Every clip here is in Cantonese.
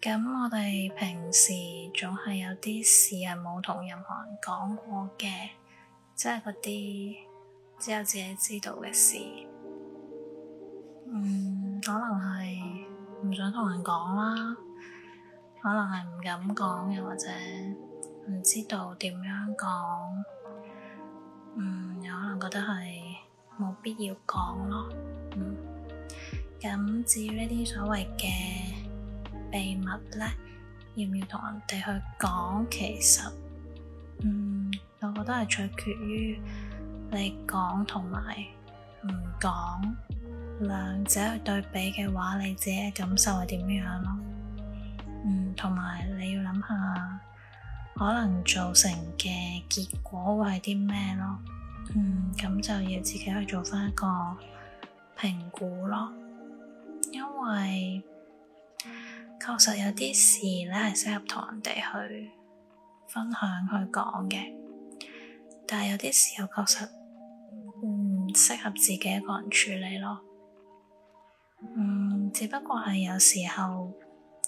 咁我哋平時總係有啲事係冇同任何人講過嘅，即係嗰啲只有自己知道嘅事。嗯，可能係唔想同人講啦，可能係唔敢講，又或者唔知道點樣講。嗯，有可能覺得係冇必要講咯。咁至於呢啲所謂嘅秘密咧，要唔要同人哋去講？其實，嗯，我覺得係取決於你講同埋唔講兩者去對比嘅話，你自己嘅感受係點樣咯？嗯，同埋你要諗下可能造成嘅結果會係啲咩咯？嗯，咁就要自己去做返一個評估咯。因為確實有啲事呢係適合同人哋去分享去講嘅，但係有啲時候確實唔適、嗯、合自己一個人處理咯。嗯，只不過係有時候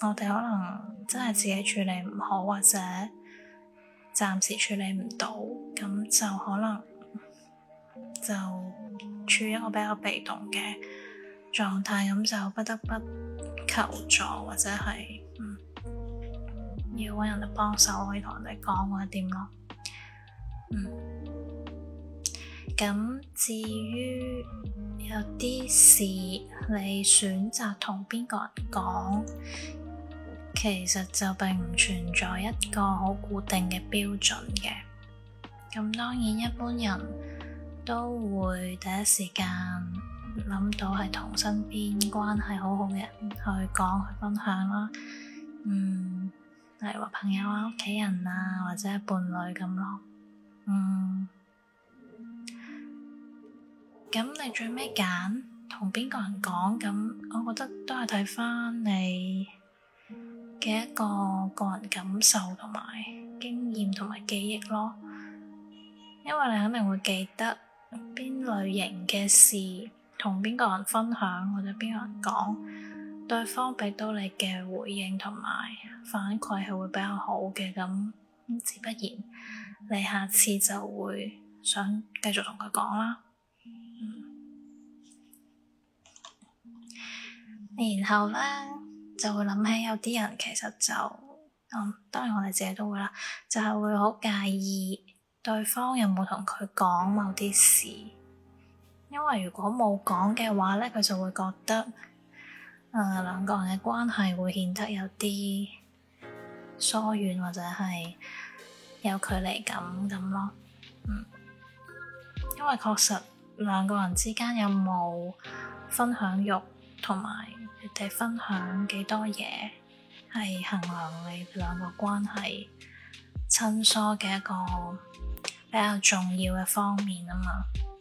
我哋可能真係自己處理唔好，或者暫時處理唔到，咁就可能就處於一個比較被動嘅狀態咁就不得不求助，或者係嗯，要揾人哋幫手，可以同人哋講或者點咯。嗯、咁、嗯、至於有啲事你選擇同邊個人講，其實就並唔存在一個好固定嘅標準嘅。咁當然一般人都會第一時間諗到係同身邊關係好好嘅人去講去分享啦，嗯，例如話朋友啊、屋企人啊，或者係伴侶咁、啊、咯，嗯，咁你最尾揀同邊個人講咁，我覺得都係睇翻你嘅一個個人感受同埋經驗同埋記憶咯，因為你肯定會記得邊類型嘅事。同邊個人分享，或者邊個人講，mm hmm. 對方畀到你嘅回應同埋反饋係會比較好嘅。咁，自不然，你下次就會想繼續同佢講啦。Mm hmm. 然後呢就會諗起有啲人其實就嗯，當然我哋自己都會啦，就係會好介意對方有冇同佢講某啲事。因為如果冇講嘅話咧，佢就會覺得誒、呃、兩個人嘅關係會顯得有啲疏遠或者係有距離感咁咯。嗯，因為確實兩個人之間有冇分享欲，同埋你哋分享幾多嘢，係衡量你兩個關係親疏嘅一個比較重要嘅方面啊嘛。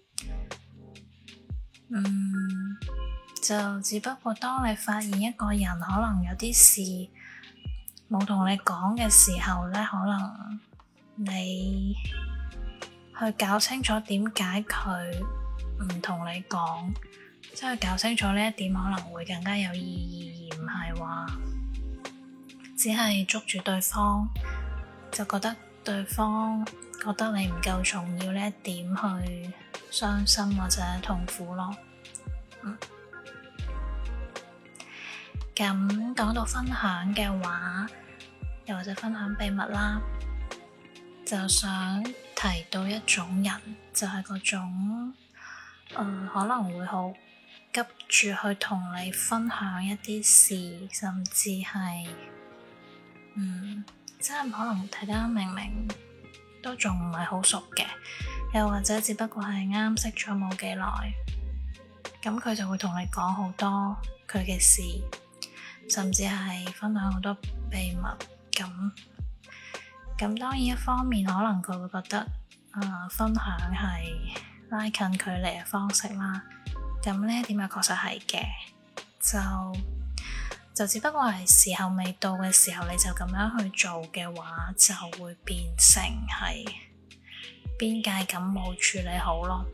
嗯，就只不過當你發現一個人可能有啲事冇同你講嘅時候咧，可能你去搞清楚點解佢唔同你講，即係搞清楚呢一點，可能會更加有意義，而唔係話只係捉住對方就覺得對方覺得你唔夠重要呢一點去，傷心或者痛苦咯，嗯。咁講到分享嘅話，又或者分享秘密啦，就想提到一種人，就係、係、嗰種，呃，可能會好急住去同你分享一啲事，甚至係，嗯，即係可能睇得明明都仲唔係好熟嘅。又或者只不過係啱識咗冇幾耐，咁佢就會同你講好多佢嘅事，甚至係分享好多秘密。咁咁當然一方面可能佢會覺得，誒、呃、分享係拉近距離嘅方式啦。咁呢一點又確實係嘅，就就只不過係時候未到嘅時候，你就咁樣去做嘅話，就會變成係，邊界感冇處理好咯，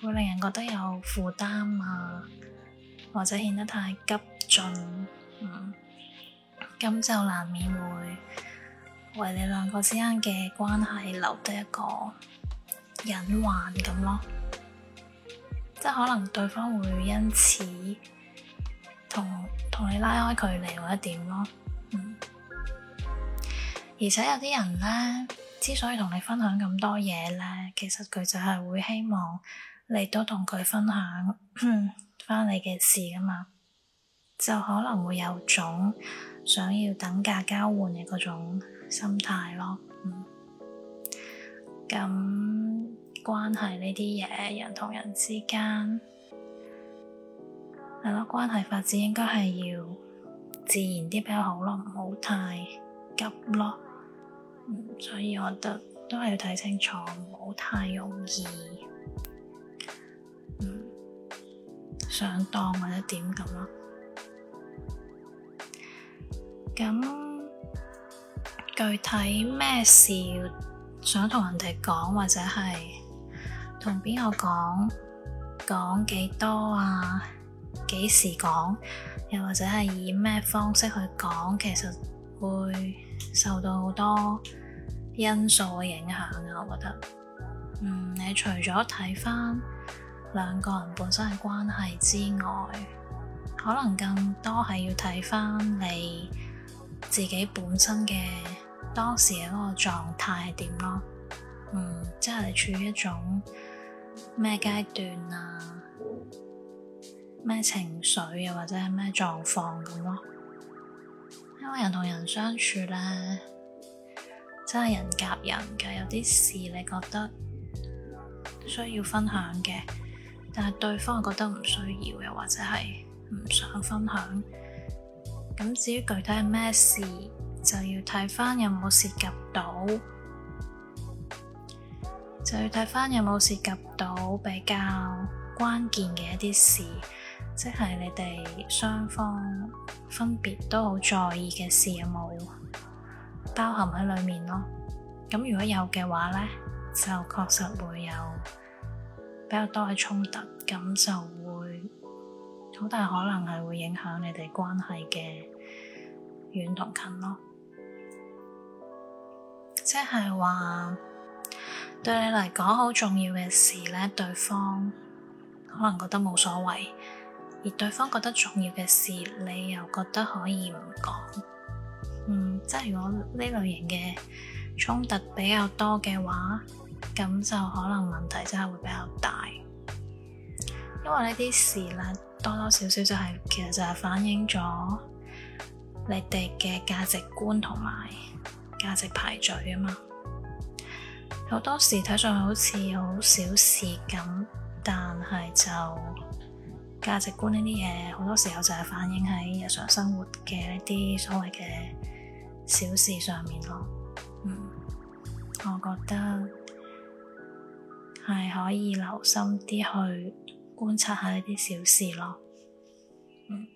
會令人覺得有負擔啊，或者顯得太急進，嗯，咁就難免會為你兩個之間嘅關係留得一個隱患咁咯，即係可能對方會因此同同你拉開距離或者點咯，嗯，而且有啲人咧。之所以同你分享咁多嘢咧，其實佢就係會希望你都同佢分享返你嘅事㗎嘛，就可能會有種想要等價交換嘅嗰種心態咯。嗯，咁關係呢啲嘢，人同人之間係咯，關係發展應該係要自然啲比較好咯，唔好太急咯。所以我覺得都係要睇清楚，唔好太容易上、嗯、當或者點咁咯。咁具體咩事想同人哋講，或者係同邊個講，講幾多啊？幾時講？又或者係以咩方式去講？其實會受到好多。因素嘅影響啊，我覺得，嗯，你除咗睇翻兩個人本身嘅關係之外，可能更多係要睇翻你自己本身嘅當時嘅嗰個狀態係點咯，嗯，即係你處於一種咩階段啊，咩情緒啊，或者係咩狀況咁咯，因為人同人相處咧。真係人夾人㗎，有啲事你覺得需要分享嘅，但係對方覺得唔需要，又或者係唔想分享。咁至於具體係咩事，就要睇翻有冇涉及到，就要睇翻有冇涉及到比較關鍵嘅一啲事，即係你哋雙方分別都好在意嘅事有冇包含喺裏面咯，咁如果有嘅話咧，就確實會有比較多嘅衝突，咁就會好大可能係會影響你哋關係嘅遠同近咯。即係話對你嚟講好重要嘅事咧，對方可能覺得冇所謂，而對方覺得重要嘅事，你又覺得可以唔講。嗯，即係如果呢類型嘅衝突比較多嘅話，咁就可能問題真係會比較大。因為呢啲事啦，多多少少就係、是、其實就係反映咗你哋嘅價值觀同埋價值排序啊嘛。好多時睇上去好似好小事咁，但係就價值觀呢啲嘢，好多時候就係反映喺日常生活嘅一啲所謂嘅。小事上面咯，嗯，我覺得係可以留心啲去觀察下呢啲小事咯，嗯。